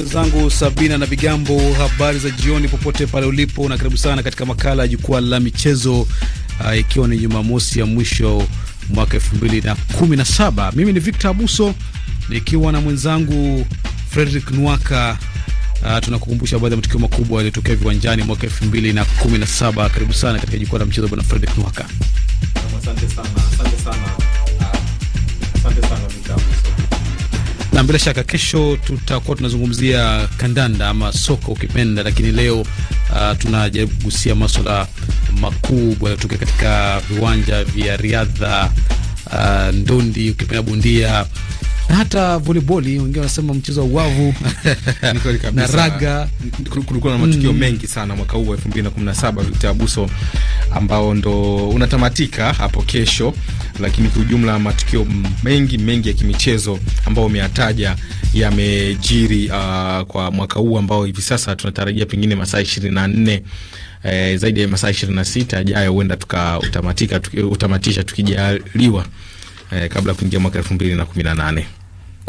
mwenzangu Sabina na Bigambo. Habari za jioni popote pale ulipo, na karibu sana katika makala ya jukwaa la michezo, uh, ikiwa ni Jumamosi ya mwisho mwaka elfu mbili na kumi na saba. Mimi ni Victor Abuso nikiwa na mwenzangu Frederick Nwaka. Uh, tunakukumbusha baadhi ya matukio makubwa yaliyotokea viwanjani mwaka elfu mbili na kumi na saba. Karibu sana katika jukwaa la michezo, bwana Frederick Nwaka. Asante sana. na bila shaka kesho tutakuwa tunazungumzia kandanda ama soka ukipenda, lakini leo uh, tunajaribu kugusia maswala makubwa yanayotokea katika viwanja vya riadha uh, ndondi ukipenda bundia na hata voleboli wengine wanasema mchezo wa uwavu na raga. Kulikuwa na matukio mm, mengi sana mwaka huu wa elfu mbili na na kumi 2017 Victor Abuso, ambao ndo unatamatika hapo kesho, lakini kwa ujumla matukio mengi mengi ya kimichezo ambayo umeyataja yamejiri uh, kwa mwaka huu ambao hivi sasa tunatarajia pengine masaa ishirini na nne eh, zaidi ya masaa ishirini na sita ajayo huenda tukautamatisha tukijaliwa, eh, kabla ya kuingia mwaka elfu mbili na na kumi nane.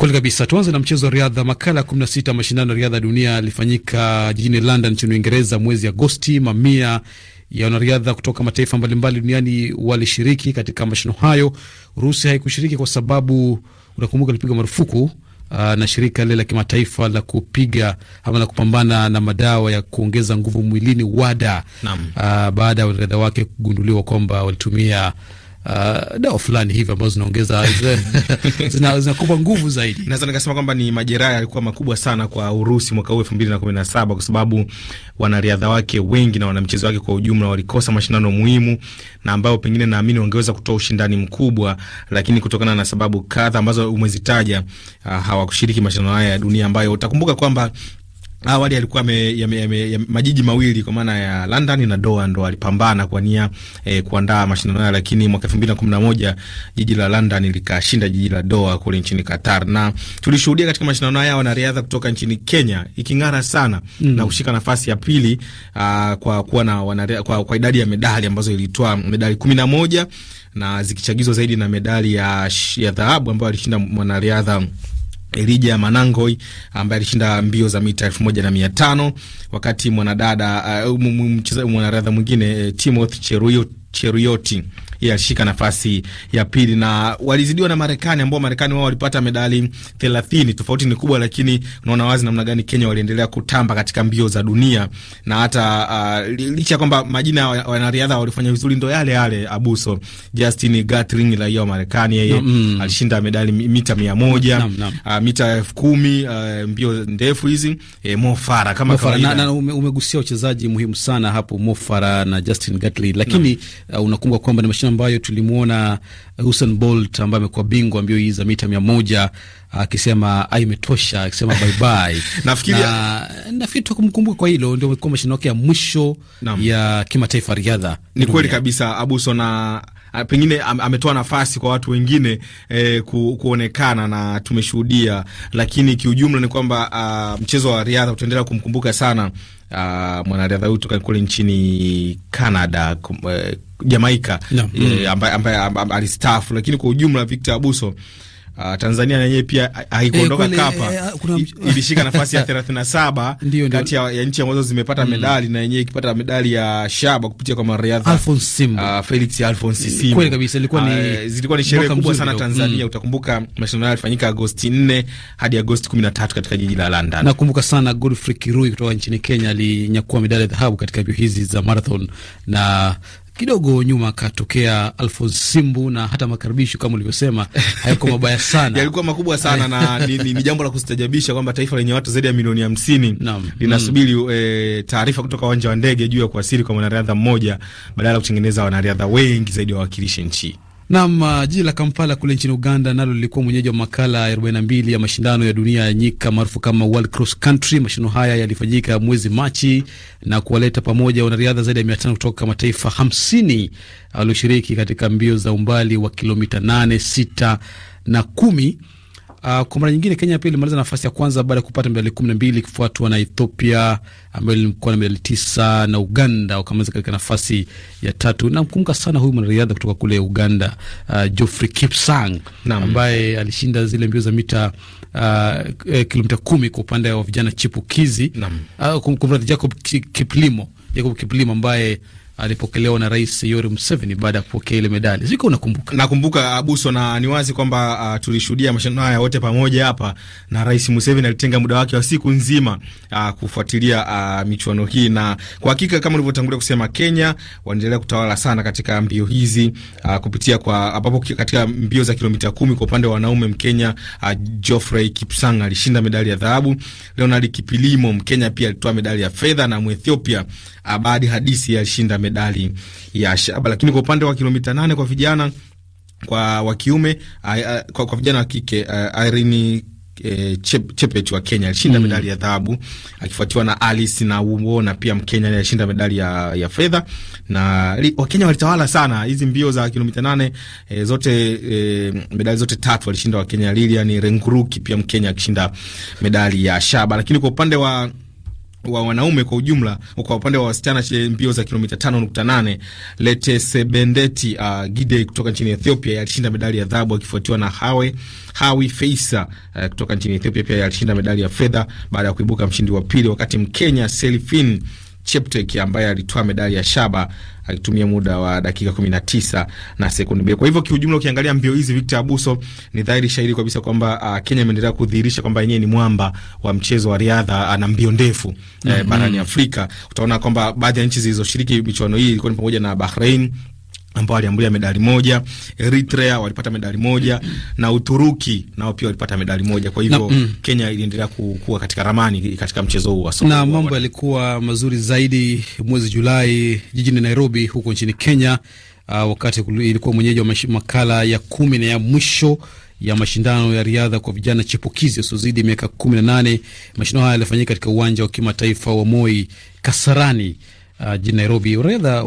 Kweli kabisa. Tuanze na mchezo wa riadha. Makala ya 16 mashindano ya riadha dunia yalifanyika jijini London nchini Uingereza mwezi Agosti. Mamia ya wanariadha kutoka mataifa mbalimbali duniani walishiriki katika mashindano hayo. Urusi haikushiriki kwa sababu unakumbuka, ilipigwa marufuku Uh, na shirika lile la kimataifa la kupiga ama la kupambana na madawa ya kuongeza nguvu mwilini WADA, uh, baada ya wanariadha wake kugunduliwa kwamba walitumia uh, dawa fulani hivi ambazo zinaongeza zinakupa nguvu zaidi. Naweza nikasema kwamba ni majeraha yalikuwa makubwa sana kwa Urusi mwaka huu elfu mbili na kumi na saba kwa sababu wanariadha wake wengi na wanamchezo wake kwa ujumla walikosa mashindano muhimu na ambayo pengine naamini wangeweza kutoa ushindani mkubwa, lakini kutokana na sababu kadha ambazo umezitaja, uh, hawakushiriki mashindano haya ya dunia ambayo utakumbuka kwamba Awali alikuwa majiji mawili kwa maana ya London na Doha ndo alipambana kwa nia eh, kuandaa mashindano haya, lakini mwaka 2011 jiji la London likashinda jiji la Doha kule nchini Qatar, na tulishuhudia katika mashindano haya wanariadha kutoka nchini Kenya iking'ara sana mm, na kushika nafasi ya pili uh, kwa kuwa na wanariadha kwa, kwa idadi ya medali ambazo ilitoa medali 11 na zikichagizwa zaidi na medali ya ya dhahabu ambayo alishinda mwanariadha Elija Manangoi ambaye alishinda mbio za mita elfu moja na mia tano wakati mwanadada uh, mwanariadha mwingine eh, Timothy Cheruyoti yashika nafasi ya pili na walizidiwa na Marekani ambao Marekani wao walipata medali 30. Tofauti ni kubwa, lakini unaona wazi namna gani Kenya waliendelea kutamba katika mbio za dunia na hata uh, licha kwamba majina ya wanariadha walifanya vizuri, ndo yale yale Abuso Justin Gatling raia wa Marekani yeye no, mm, alishinda medali mita 100, no, no. uh, mita 1000 uh, mbio ndefu hizi e, Mo Farah kama kawaida na, na ume, umegusia wachezaji muhimu sana hapo Mo Farah na Justin Gatling, lakini no. uh, unakumbuka kwamba ni mashindano ambayo tulimwona Usain Bolt ambaye amekuwa bingwa mbio hizi za mita mia moja akisema imetosha akisema bye bye. Nafikiri nafikiri tukumkumbuka kwa hilo, ndio amekuwa mashindano yake ya mwisho ya kimataifa riadha. Ni kweli kabisa Abuso na Ah, pengine ametoa nafasi kwa watu wengine eh, ku, kuonekana na tumeshuhudia, lakini kiujumla ni kwamba uh, mchezo wa riadha utaendelea kumkumbuka sana uh, mwanariadha huyu toka kule nchini Canada kum, eh, Jamaika no. eh, ambaye alistafu amba, amba, alistaafu, lakini kwa ujumla Victor Abuso Uh, Tanzania yenyewe pia haikuondoka hey, eh, kapa hey, uh, eh, eh, ilishika nafasi ya 37 kati ya, nchi ambazo zimepata mm. medali na yenyewe ikipata medali ya shaba kupitia kwa mariadha Alphonse Simba, uh, Felix Alphonse mm, Simba. Kweli kabisa ilikuwa ni ah, zilikuwa ni sherehe kubwa sana Tanzania. Mm. Utakumbuka mashindano hayo yalifanyika Agosti 4 hadi Agosti 13 katika jiji la London. Nakumbuka sana Godfrey Kirui kutoka nchini Kenya alinyakua medali ya dhahabu katika mbio hizi za marathon na kidogo nyuma akatokea Alphonse Simbu na hata makaribisho kama ulivyosema hayako mabaya sana, yalikuwa makubwa sana na ni, ni, ni jambo la kustajabisha kwamba taifa lenye watu zaidi ya milioni hamsini linasubiri mm, e, taarifa kutoka uwanja wa ndege juu ya kuasiri kwa mwanariadha mmoja badala ya kutengeneza wanariadha wengi zaidi wawakilishi nchi. Nam, uh, jiji la Kampala kule nchini Uganda nalo lilikuwa mwenyeji wa makala 42 ya mashindano ya dunia ya nyika maarufu kama World Cross Country. Mashindano haya yalifanyika mwezi Machi na kuwaleta pamoja wanariadha zaidi ya 500 kutoka mataifa 50 walioshiriki katika mbio za umbali wa kilomita 8, 6 na 10 Uh, kwa mara nyingine Kenya pia ilimaliza nafasi ya kwanza baada ya kupata medali kumi na mbili ikifuatwa na Ethiopia ambayo ilikuwa na medali tisa na Uganda wakamaliza katika nafasi ya tatu. Namkumbuka sana huyu mwanariadha kutoka kule Uganda, uh, Geoffrey Kipsang ambaye alishinda zile mbio za mita uh, kilomita kumi kwa upande wa vijana chipukizi uh, kumradi Jacob Kiplimo Jacob Kiplimo ambaye alipokelewa na Rais Yoweri Museveni baada ya kupokea ile medali. Ziko unakumbuka? Nakumbuka Abuso, uh, na ni wazi kwamba uh, tulishuhudia mashindano haya wote pamoja hapa, na Rais Museveni alitenga muda wake wa siku nzima uh, kufuatilia uh, michuano hii, na kwa hakika kama ulivyotangulia kusema, Kenya wanaendelea kutawala sana katika mbio hizi uh, kupitia kwa ambapo katika mbio za kilomita kumi kwa upande wa wanaume Mkenya uh, Geoffrey Kipsang alishinda medali ya dhahabu. Leonard Kipilimo Mkenya pia alitoa medali ya fedha na Mwethiopia uh, Abadi Hadisi alishinda medali ya shaba. Lakini kwa upande wa kilomita nane kwa vijana kwa wa kiume kwa, kwa vijana wa kike uh, Irene E, Chepet wa Kenya alishinda mm. medali ya dhahabu akifuatiwa na Alice na Umo na pia Mkenya alishinda medali ya, ya fedha na li, Wakenya walitawala sana hizi mbio za kilomita nane e, zote e, medali zote tatu walishinda Wakenya, Lilian Renguruki pia Mkenya akishinda medali ya shaba. Lakini kwa upande wa wa wanaume kwa ujumla. Kwa upande wa wasichana, mbio za kilomita 5.8 Letesebendeti uh, Gide kutoka nchini Ethiopia alishinda medali ya dhahabu akifuatiwa na Hawe Hawi Feisa uh, kutoka nchini Ethiopia pia alishinda medali ya fedha baada ya kuibuka mshindi wa pili, wakati Mkenya Selifin cheptek ambaye alitoa medali ya shaba akitumia muda wa dakika 19 na sekundi mbili. Kwa hivyo kiujumla, ukiangalia mbio hizi, Victor Abuso, ni dhahiri shahiri kabisa kwamba uh, Kenya imeendelea kudhihirisha kwamba yenyewe ni mwamba wa mchezo wa riadha uh, na mbio ndefu mm -hmm. eh, mhm. barani Afrika. Utaona kwamba baadhi ya nchi zilizoshiriki michuano hii ilikuwa ni pamoja na Bahrain ambao waliambulia medali moja. Eritrea walipata medali moja na Uturuki nao pia walipata medali moja. Kwa hivyo mm, Kenya iliendelea kuwa katika ramani katika mchezo huu wa na mambo yalikuwa mazuri zaidi mwezi Julai jijini Nairobi huko nchini Kenya. Uh, wakati ilikuwa mwenyeji wa makala ya kumi na ya mwisho ya mashindano ya riadha kwa vijana chipukizi wasiozidi miaka kumi na nane. Mashindano haya yalifanyika katika uwanja wa kimataifa wa Moi Kasarani uh, jijini Nairobi. Orodha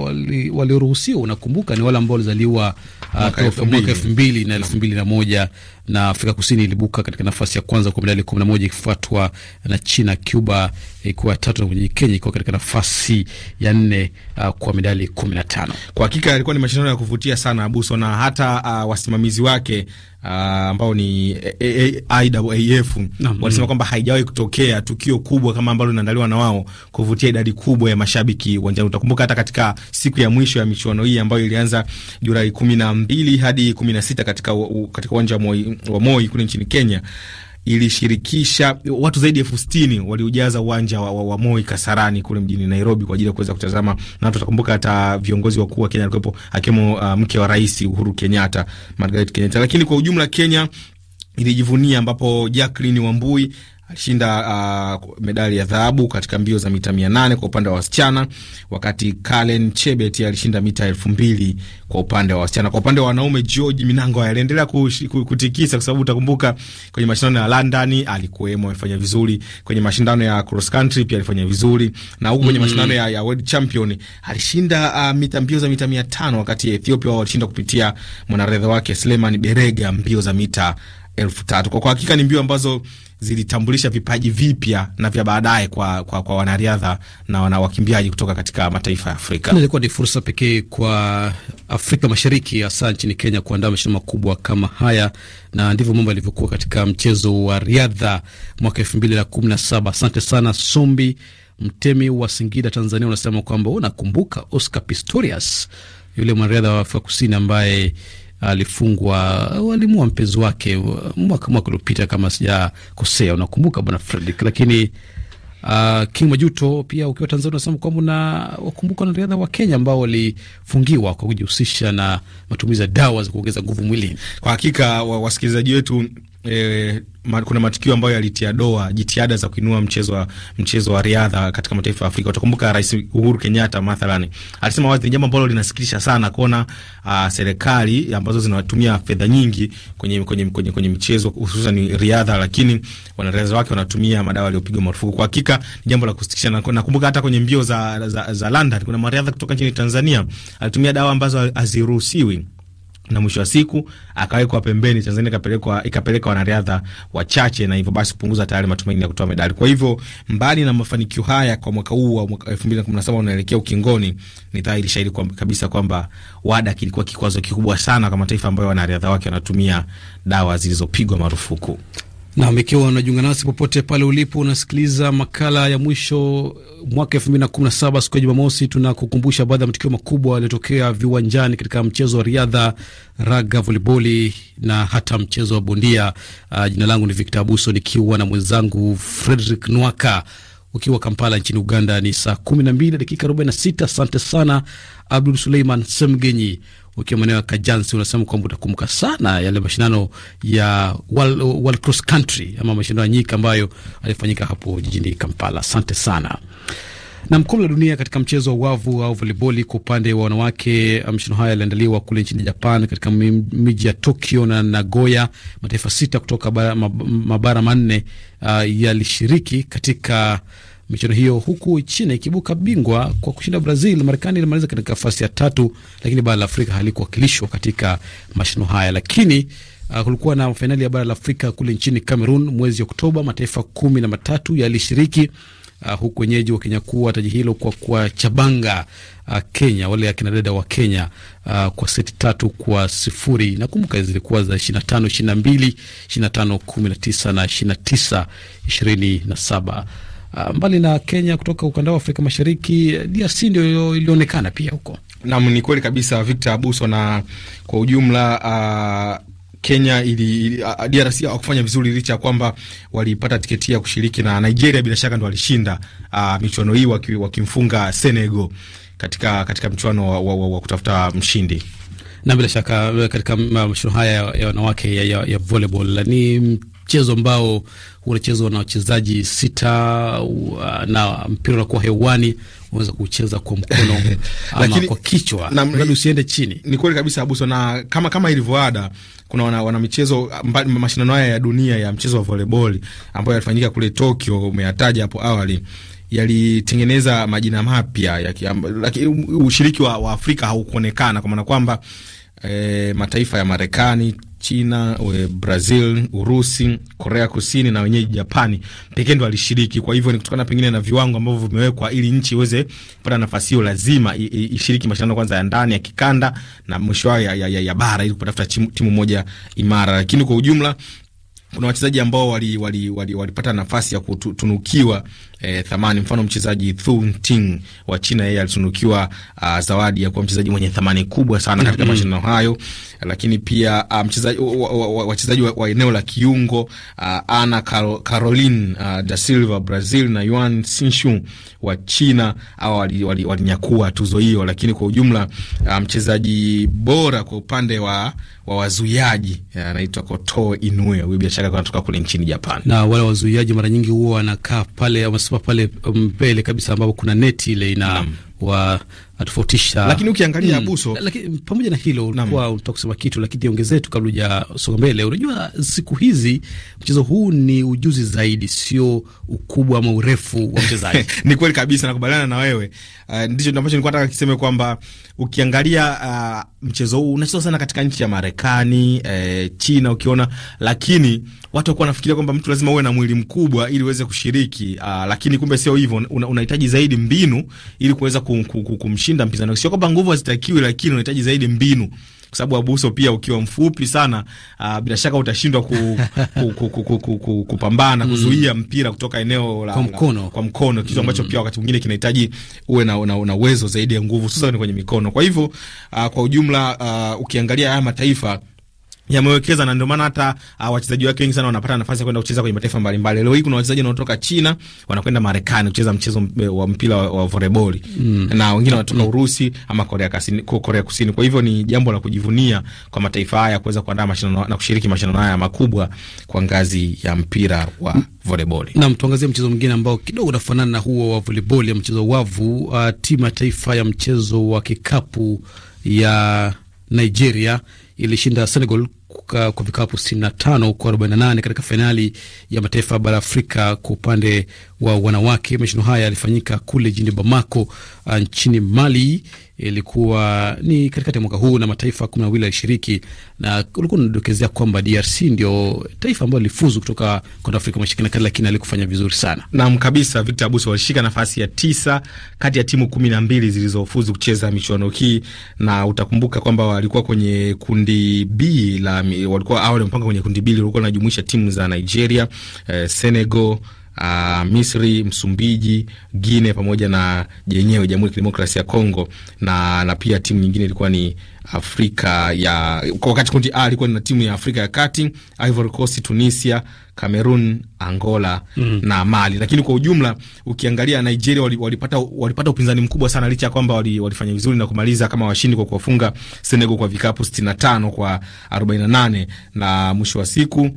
walioruhusiwa wali unakumbuka, ni wale ambao walizaliwa uh, mwaka elfu mbili na elfu mbili na moja na Afrika Kusini ilibuka katika nafasi ya kwanza kwa medali 11 ikifuatwa na China. Cuba eh, ikiwa ya tatu na mwenyeji Kenya ikiwa katika nafasi ya nne uh, kwa medali 15. Kwa hakika yalikuwa ni mashindano ya kuvutia sana Abuso, na hata uh, wasimamizi wake ah, ambao uh, ni eh, eh, IAAF walisema kwamba haijawahi kutokea tukio kubwa kama ambalo linaandaliwa na wao kuvutia idadi kubwa ya mashabiki uwanjani. Utakumbuka hata katika siku ya mwisho ya michuano hii ambayo ilianza Julai kumi na mbili hadi kumi na sita katika uwanja wa wa Moi kule nchini Kenya ilishirikisha watu zaidi ya elfu sitini waliojaza uwanja wa, wa, wa Moi Kasarani kule mjini Nairobi kwa ajili ya kuweza kutazama, na tutakumbuka hata viongozi wakuu wa Kenya alikuwepo, akiwemo uh, mke wa rais Uhuru Kenyatta, Margaret Kenyatta. Lakini kwa ujumla Kenya ilijivunia ambapo Jacqueline Wambui alishinda uh, medali ya dhahabu katika mbio za mita mia nane kwa upande wa wasichana, wakati Kalen Chebet alishinda mita elfu mbili kwa upande wa wasichana. Kwa upande wa wanaume, George Minango aliendelea kutikisa, kwa sababu utakumbuka kwenye mashindano ya London alikuwemo, amefanya vizuri kwenye mashindano ya cross country, pia alifanya vizuri na huku kwenye mm -hmm. mashindano ya, ya world champion alishinda uh, mita mbio za mita mia tano wakati Ethiopia wao walishinda kupitia mwanariadha wake Sleman Berega mbio za mita elfu tatu. Kwa, kwa hakika ni mbio ambazo zilitambulisha vipaji vipya na vya baadaye kwa, kwa, kwa wanariadha na wanawakimbiaji kutoka katika mataifa ya Afrika. Ilikuwa ni fursa pekee kwa Afrika Mashariki, hasa nchini Kenya, kuandaa mashindano makubwa kama haya, na ndivyo mambo yalivyokuwa katika mchezo wa riadha mwaka elfu mbili na kumi na saba. Asante sana Sombi Mtemi wa Singida, Tanzania, unasema kwamba unakumbuka Oscar Pistorius, yule mwanariadha wa Afrika Kusini ambaye alifungwa, walimua mpenzi wake mwaka mwaka uliopita kama sijakosea, unakumbuka bwana Fredrick. Lakini uh, King Majuto, pia ukiwa Tanzania unasema kwamba na wakumbuka wanariadha wa Kenya ambao walifungiwa kwa kujihusisha na matumizi ya dawa za kuongeza nguvu mwilini. Kwa hakika wasikilizaji wetu eh, ma, kuna matukio ambayo yalitia doa jitihada za kuinua mchezo wa mchezo wa riadha katika mataifa ya Afrika. Utakumbuka Rais Uhuru Kenyatta mathalan alisema wazi, ni jambo ambalo linasikitisha sana kuona uh, serikali ambazo zinatumia fedha nyingi kwenye kwenye kwenye, kwenye michezo hususan riadha, lakini wanariadha wake wanatumia madawa yaliyopigwa marufuku. Kwa hakika ni jambo la kusikitisha. Nakumbuka hata kwenye mbio za, za, za London kuna mariadha kutoka nchini Tanzania alitumia dawa ambazo haziruhusiwi na mwisho wa siku akawekwa pembeni. Tanzania ikapelekwa ikapeleka wanariadha wachache, na hivyo basi kupunguza tayari matumaini ya kutoa medali. Kwa hivyo, mbali na mafanikio haya kwa mwaka huu wa 2017 unaelekea ukingoni, ni dhahiri shahiri kwa, kabisa kwamba WADA kilikuwa kikwazo kikubwa sana kwa mataifa ambayo wanariadha wake wanatumia dawa zilizopigwa marufuku. Nam, ikiwa unajiunga nasi popote pale ulipo, unasikiliza makala ya mwisho eh, mwaka elfu mbili na kumi na saba siku ya Jumamosi, tunakukumbusha baadhi ya matukio makubwa yaliyotokea viwanjani katika mchezo wa riadha, raga, voliboli na hata mchezo wa bondia. Uh, jina langu ni Victor Abuso nikiwa na mwenzangu Frederick Nwaka ukiwa Kampala nchini Uganda. Ni saa kumi na mbili dakika arobaini na sita. Asante sana Abdul Suleiman Semgenyi ukiwa maeneo ya Kajansi, unasema kwamba utakumbuka sana yale mashindano ya World, World Cross Country ama mashindano ya nyika ambayo alifanyika hapo jijini Kampala. Asante sana. Na mkombe la dunia katika mchezo wa wavu au voliboli kwa upande wa wanawake, mashindano haya yaliandaliwa kule nchini Japan katika miji ya Tokyo na Nagoya. Mataifa sita kutoka mabara manne uh, yalishiriki katika michuano hiyo, huku China ikibuka bingwa kwa kushinda Brazil. Marekani ilimaliza katika nafasi ya tatu, lakini bara la Afrika halikuwakilishwa katika mashindano haya. Lakini uh, kulikuwa na fainali ya bara la Afrika kule nchini Cameroon mwezi Oktoba. Mataifa kumi na matatu yalishiriki Uh, huku wenyeji wakinyakua taji hilo kwa kuwachabanga uh, Kenya, wale akinadada wa Kenya uh, kwa seti tatu kwa sifuri. Nakumbuka zilikuwa za 25 na tano 19 na mbili na na na na tano kumi tisa tisa ishirini na saba Ah, mbali na Kenya kutoka ukanda wa Afrika Mashariki, DRC ndio ilionekana pia huko. Naam, ni kweli kabisa Victor Abuso, na kwa ujumla uh... Kenya ili, ili uh, ah, DRC hawakufanya vizuri licha ya kwamba walipata tiketi ya kushiriki na Nigeria, bila shaka ndo walishinda uh, michuano hii waki, wakimfunga Senegal katika, katika mchuano wa, wa, wa, kutafuta mshindi na bila shaka eh, katika mashindano haya ya wanawake ya, ya, ya volleyball ni mchezo ambao unachezwa na wachezaji sita uh, na mpira unakuwa hewani, unaweza kucheza kwa mkono ama lakini, kwa kichwa na usiende chini. Ni kweli kabisa Abuso, na kama kama ilivyoada kuna wana, wana michezo mashindano haya ya dunia ya mchezo wa volleyball ambayo yalifanyika kule Tokyo, umeyataja hapo awali yalitengeneza majina mapya, ya lakini ushiriki wa, wa Afrika haukuonekana kwa maana kwamba e, mataifa ya Marekani China, Brazil, Urusi, Korea Kusini na wenyeji Japani pekee ndo alishiriki. Kwa hivyo ni kutokana pengine na viwango ambavyo vimewekwa, ili nchi iweze kupata nafasi hiyo, lazima ishiriki mashindano kwanza ya ndani ya kikanda na mwisho wao ya, ya, ya, ya bara, ili kutafuta timu moja imara, lakini kwa ujumla kuna wachezaji ambao walipata wali, wali, wali nafasi ya kutunukiwa e, thamani. Mfano, mchezaji Thu Ting wa China, yeye alitunukiwa uh, zawadi ya kuwa mchezaji mwenye thamani kubwa sana katika mm -hmm. mashindano hayo, lakini pia uh, mchezaji wachezaji wa, wa, wa, wa eneo la kiungo uh, Ana Carol, Caroline uh, da Silva Brazil na Yuan Sinshu wa China au walinyakua wali, wali tuzo hiyo, lakini kwa ujumla uh, mchezaji bora kwa upande wa wa wazuiaji anaitwa Kotoo Inoue, huyu bila shaka anatoka kule nchini Japan, na wale wazuiaji mara nyingi huwa wanakaa pale ama pale mm, mbele kabisa ambapo kuna neti ile ina wa atofautisha. Lakini ukiangalia mm, Abuso, lakini pamoja na hilo ulikuwa unataka kusema kitu, lakini ongezee tu kabla hujasonga mbele. Unajua siku hizi mchezo huu ni ujuzi zaidi, sio ukubwa ama urefu wa mchezaji. Ni kweli kabisa, nakubaliana na wewe. Uh, ndicho ambacho nilikuwa nataka kiseme kwamba ukiangalia uh, mchezo huu unachezwa sana katika nchi ya Marekani, eh, China ukiona, lakini watu wakuwa wanafikiria kwamba mtu lazima uwe na mwili mkubwa ili uweze kushiriki uh, lakini kumbe sio hivyo, unahitaji una zaidi mbinu ili kuweza kum, kum, kum, kum, kumshinda mpinzani. Sio kwamba nguvu hazitakiwi, lakini unahitaji zaidi mbinu kwa sababu Abuso pia ukiwa mfupi sana uh, bila shaka utashindwa ku, ku, ku, ku, ku, ku, ku, kupambana mm. kuzuia mpira kutoka eneo la kwa mkono, la, kwa mkono kitu ambacho mm, pia wakati mwingine kinahitaji uwe na, na, na uwezo zaidi ya nguvu hususan kwenye mikono. Kwa hivyo uh, kwa ujumla uh, ukiangalia haya mataifa yamewekeza na ndio maana hata uh, wachezaji wake wengi sana wanapata nafasi ya kwenda kucheza kwenye mataifa mbalimbali. Leo hii kuna wachezaji wanaotoka China wanakwenda Marekani kucheza mchezo eh, wa mpira wa, wa volleyball mm. na wengine wanatoka Urusi ama Korea Kusini, Korea Kusini. Kwa hivyo ni jambo la kujivunia kwa mataifa haya kuweza kuandaa mashindano na kushiriki mashindano haya makubwa kwa ngazi ya mpira wa volleyball. Na mtuangazie mchezo mwingine ambao kidogo unafanana na huo wa volleyball ya mchezo wavu. Uh, timu ya taifa ya mchezo wa kikapu ya Nigeria ilishinda Senegal kwa vikapu 65 kwa 48 katika fainali ya mataifa bara Afrika kwa upande wa wanawake. Mashindano haya yalifanyika kule jijini Bamako uh, nchini Mali ilikuwa ni katikati ya mwaka huu na mataifa kumi na mawili yalishiriki, na ulikuwa unadokezea kwamba DRC ndio taifa ambayo lilifuzu kutoka kanda Afrika Mashariki na Kati, lakini alikufanya vizuri sana. Naam kabisa, Victor Abuso walishika nafasi ya tisa kati ya timu kumi na mbili zilizofuzu kucheza michuano hii, na utakumbuka kwamba walikuwa kwenye kundi B la walikuwa awali mpanga kwenye kundi B lilikuwa linajumuisha timu za Nigeria, eh, Senegal uh, Misri, Msumbiji, Gine pamoja na yenyewe Jamhuri ya Kidemokrasia ya Kongo na, na pia timu nyingine ilikuwa ni Afrika ya kwa wakati kundi A ah, ilikuwa na timu ya Afrika ya Kati, Ivory Coast, Tunisia, Cameroon, Angola mm. na Mali. Lakini kwa ujumla ukiangalia Nigeria walipata walipata upinzani mkubwa sana licha ya kwamba walifanya vizuri na kumaliza kama washindi kwa kuwafunga Senegal kwa vikapu 65 kwa 48 na mwisho wa siku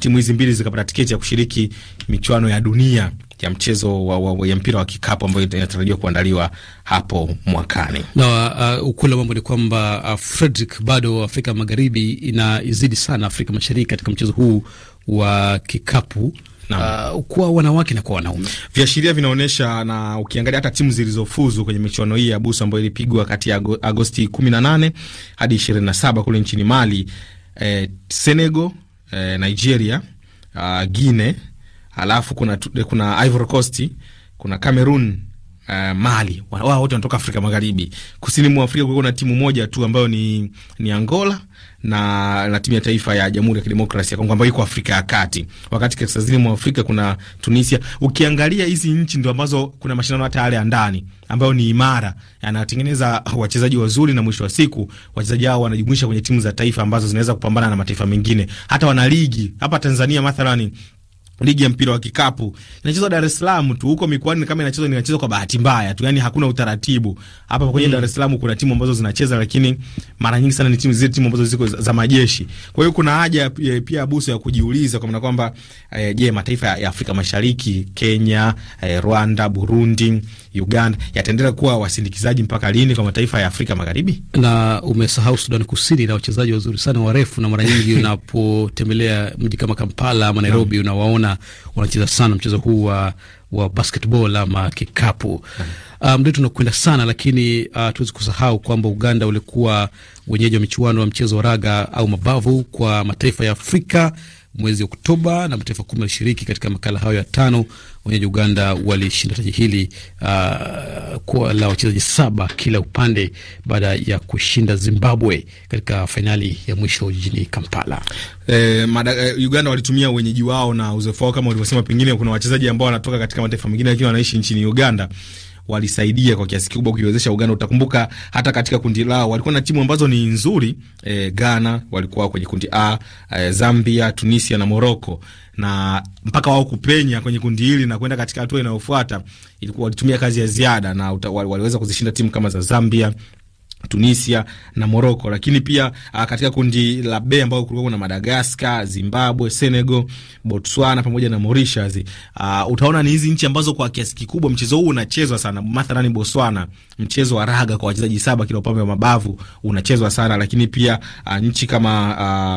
timu hizi mbili zikapata tiketi ya kushiriki michuano ya dunia ya mchezo wa, wa, ya mpira wa kikapu ambayo inatarajiwa kuandaliwa hapo mwakani. Na uh, ukweli wa mambo ni kwamba uh, Fredrick, bado Afrika Magharibi inaizidi sana Afrika Mashariki katika mchezo huu wa kikapu. Uh, kwa wanawake na kwa wanaume viashiria vinaonyesha, na ukiangalia hata timu zilizofuzu kwenye michuano hii ya busu ambayo ilipigwa kati ya Agosti 18 hadi 27 kule nchini Mali, eh, Senegal eh, Nigeria, uh, ah, Guine, alafu kuna, eh, kuna Ivory Coast, kuna Cameroon, Uh, Mali wao wote wanatoka Afrika Magharibi. Kusini mwa Afrika kuna timu moja tu ambayo ni, ni Angola na, na timu ya taifa ya Jamhuri ya Kidemokrasia ya Kongo ambayo iko Afrika ya Kati, wakati kaskazini mwa Afrika kuna Tunisia. Ukiangalia hizi nchi ndo ambazo kuna mashindano hata yale ya ndani ambayo ni imara, yanatengeneza wachezaji wazuri, na mwisho wa siku wachezaji hao wanajumuisha kwenye timu za taifa ambazo zinaweza kupambana na mataifa mengine. Hata wana ligi hapa Tanzania mathalani ligi ya mpira wa kikapu inachezwa Dar es Salaam tu, huko mikoani kama inachezwa inachezwa kwa bahati mbaya tu, yani hakuna utaratibu hapa kwenye mm. Dar es Salaam kuna timu ambazo zinacheza, lakini mara nyingi sana ni timu zile timu ambazo ziko za majeshi. Kwa hiyo kuna haja pia abuso ya kujiuliza kwa maana kwamba eh, je, mataifa ya Afrika Mashariki, Kenya, eh, Rwanda, Burundi Uganda yataendelea kuwa wasindikizaji mpaka lini kwa mataifa ya Afrika Magharibi? Na umesahau Sudan Kusini na wachezaji wazuri sana warefu, na mara nyingi unapotembelea mji kama Kampala ama Nairobi unawaona wanacheza sana mchezo huu wa wa basketball ama kikapu. mdetu ah, um, tunakwenda sana lakini uh, ah, tuwezi kusahau kwamba Uganda ulikuwa wenyeji wa michuano ya mchezo wa raga au mabavu kwa mataifa ya Afrika mwezi Oktoba na mataifa kumi yalishiriki katika makala hayo ya tano. Wenyeji Uganda walishinda taji hili uh, kuwa la wachezaji saba kila upande baada ya kushinda Zimbabwe katika fainali ya mwisho jijini Kampala. Eh, mada, eh, Uganda walitumia wenyeji wao na uzoefu wao kama ulivyosema, pengine kuna wachezaji ambao wanatoka katika mataifa mengine lakini wanaishi nchini Uganda walisaidia kwa kiasi kikubwa kuiwezesha Uganda. Utakumbuka hata katika kundi lao walikuwa na timu ambazo ni nzuri e, Ghana walikuwa kwenye kundi A, e, Zambia, Tunisia na Moroko na mpaka wao kupenya kwenye kundi hili na kwenda katika hatua inayofuata ilikuwa walitumia kazi ya ziada na uta, waliweza kuzishinda timu kama za Zambia, Tunisia na Morocco, lakini pia a, ah, katika kundi la B ambao kulikuwa kuna Madagascar, Zimbabwe, Senegal, Botswana pamoja na Mauritius. A, ah, utaona ni hizi nchi ambazo kwa kiasi kikubwa mchezo huu unachezwa sana. Mathalani Botswana, mchezo wa raga kwa wachezaji saba kila upande wa mabavu unachezwa sana, lakini pia a, ah, nchi kama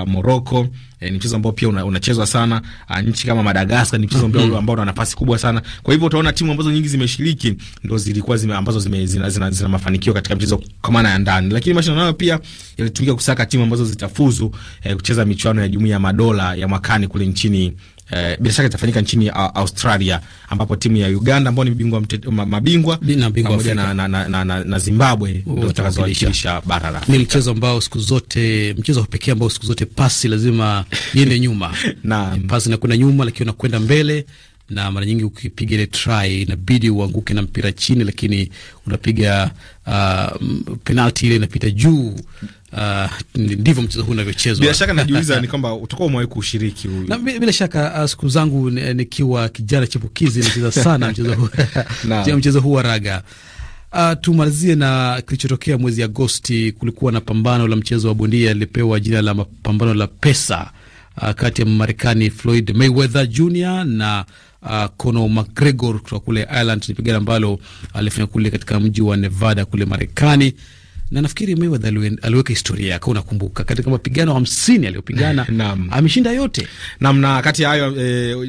Morocco E, ni mchezo ambao pia unachezwa una sana. Ah, nchi kama Madagaskar ni mchezo ambao mm -hmm. ambao una nafasi kubwa sana. Kwa hivyo utaona timu ambazo nyingi zimeshiriki ndio zilikuwa zime, ambazo zime, zina, zina, zina mafanikio katika mchezo kama na ya ndani, lakini mashindano hayo pia yalitumika kusaka timu ambazo zitafuzu e, kucheza michuano ya Jumuiya ya Madola ya mwakani kule nchini eh, bila shaka itafanyika nchini uh, Australia ambapo timu ya Uganda ambao ni mabingwa mabingwa pamoja na, na, na, na, na Zimbabwe ndio itakazowakilisha bara la Ni mchezo ambao siku zote, mchezo pekee ambao siku zote pasi lazima iende nyuma na eh, pasi inakwenda nyuma, lakini unakwenda mbele na mara nyingi ukipiga ile try inabidi uanguke na mpira chini, lakini unapiga uh, penalti ile inapita juu Uh, ndivyo mchezo huu unavyochezwa. Bila shaka najiuliza ni kwamba utakuwa umewahi kushiriki huyu. Na bila shaka uh, siku zangu eh, nikiwa kijana chipukizi nilicheza sana mchezo huu. mchezo huu wa raga. Uh, tumalizie na kilichotokea mwezi Agosti. Kulikuwa na pambano la mchezo wa bondia lilipewa jina la pambano la pesa uh, kati ya Marekani Floyd Mayweather Jr na uh, Conor McGregor kutoka kule Ireland. Ni pigano ambalo alifanya kule katika mji wa Nevada kule Marekani na nafikiri Mayweather aliweka historia yake, unakumbuka katika mapigano hamsini aliyopigana ameshinda yote nam, na kati ya hayo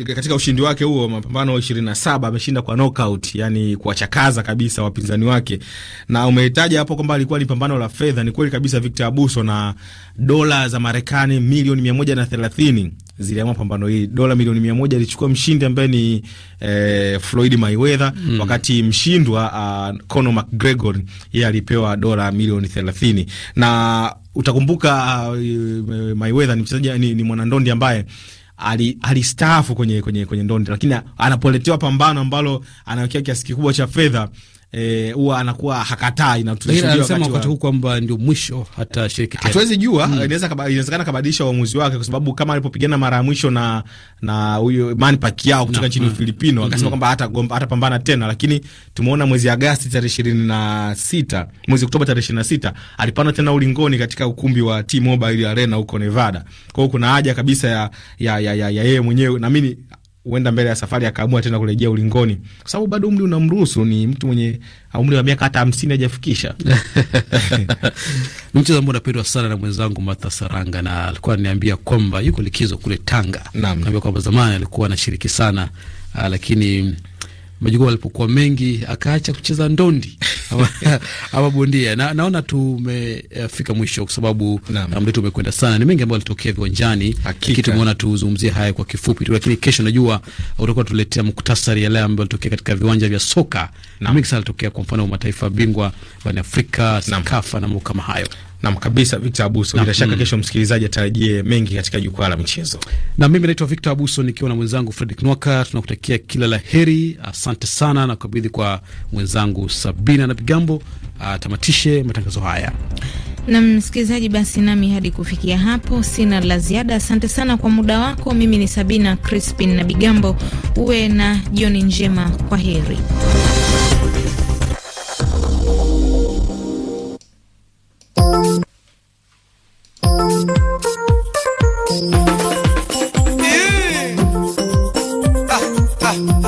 e, katika ushindi wake huo mapambano ishirini na saba ameshinda kwa knockout, yani kuwachakaza kabisa wapinzani wake. Na umehitaji hapo kwamba alikuwa ni pambano la fedha. Ni kweli kabisa, Victor Abuso na dola za Marekani milioni mia moja na thelathini ziliamua pambano hili. Dola milioni mia moja alichukua mshindi ambaye ni eh, Floyd Mayweather mm. wakati mshindwa uh, Conor McGregor yeye alipewa dola milioni thelathini na utakumbuka uh, Mayweather ni mchezaji ni, ni mwanandondi ambaye alistaafu ali kwenye, kwenye, kwenye ndondi, lakini anapoletewa pambano ambalo anawekea kiasi kikubwa cha fedha Eh, huwa e, anakuwa hakatai na tunasema wakati huu kwamba ndio mwisho, hata shiriki hatuwezi jua mm. Inaweza inawezekana kabadilisha uamuzi wake, kwa sababu kama alipopigana mara ya mwisho na na huyo Manny Pacquiao kutoka nchini mm. Filipino akasema mm -hmm. kwamba pambana tena, lakini tumeona mwezi Agosti tarehe 26, mwezi Oktoba tarehe 26 alipanda tena ulingoni katika ukumbi wa T-Mobile Arena huko Nevada. Kwa hiyo kuna haja kabisa ya, ya, ya yeye mwenyewe na mimi huenda mbele ya safari akaamua tena kurejea ulingoni, kwa sababu bado umri unamruhusu. Ni mtu mwenye ah, umri wa miaka hata hamsini hajafikisha. Ni mchezo ambao unapendwa sana na mwenzangu Martha Saranga, na alikuwa ananiambia kwamba yuko likizo kule Tanga, naambia kwamba zamani alikuwa anashiriki sana, ah, lakini majukumu alipokuwa mengi akaacha kucheza ndondi ama bondia na, naona tumefika mwisho kwa sababu mdetu umekwenda sana. Ni mengi ambayo alitokea viwanjani, lakini tumeona tuzungumzie haya kwa kifupi tu, lakini kesho najua utakuwa tuletea muktasari yale ambayo alitokea katika viwanja vya soka na mengi sana alitokea, kwa mfano mataifa bingwa barani Afrika, sakafa na mambo kama hayo. Nam kabisa, Victor Abuso. Bila shaka mm. kesho msikilizaji atarajie mengi katika jukwaa la michezo, na mimi naitwa Victor Abuso nikiwa na mwenzangu Fredrick Nwaka. Tunakutakia kila la heri, asante sana, na kukabidhi kwa mwenzangu Sabina na Bigambo atamatishe ah, matangazo haya. nam msikilizaji, basi nami hadi kufikia hapo sina la ziada. Asante sana kwa muda wako. Mimi ni Sabina Crispin na Bigambo, uwe na jioni njema. Kwa heri. Ah, ah.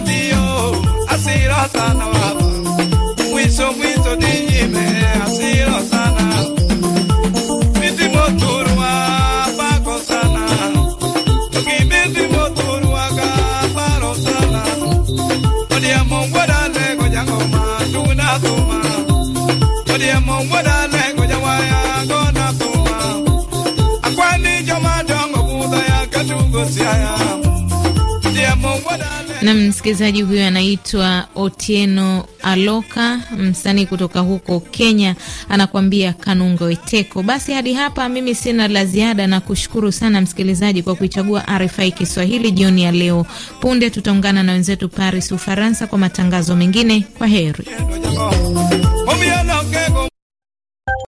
dio asirota na waba mwisho mwisho diime asirota nam msikilizaji huyo anaitwa Otieno Aloka, msanii kutoka huko Kenya, anakuambia Kanunga Weteko. Basi hadi hapa mimi sina la ziada, na kushukuru sana msikilizaji kwa kuichagua RFI Kiswahili jioni ya leo. Punde tutaungana na wenzetu Paris, Ufaransa, kwa matangazo mengine. Kwa heri.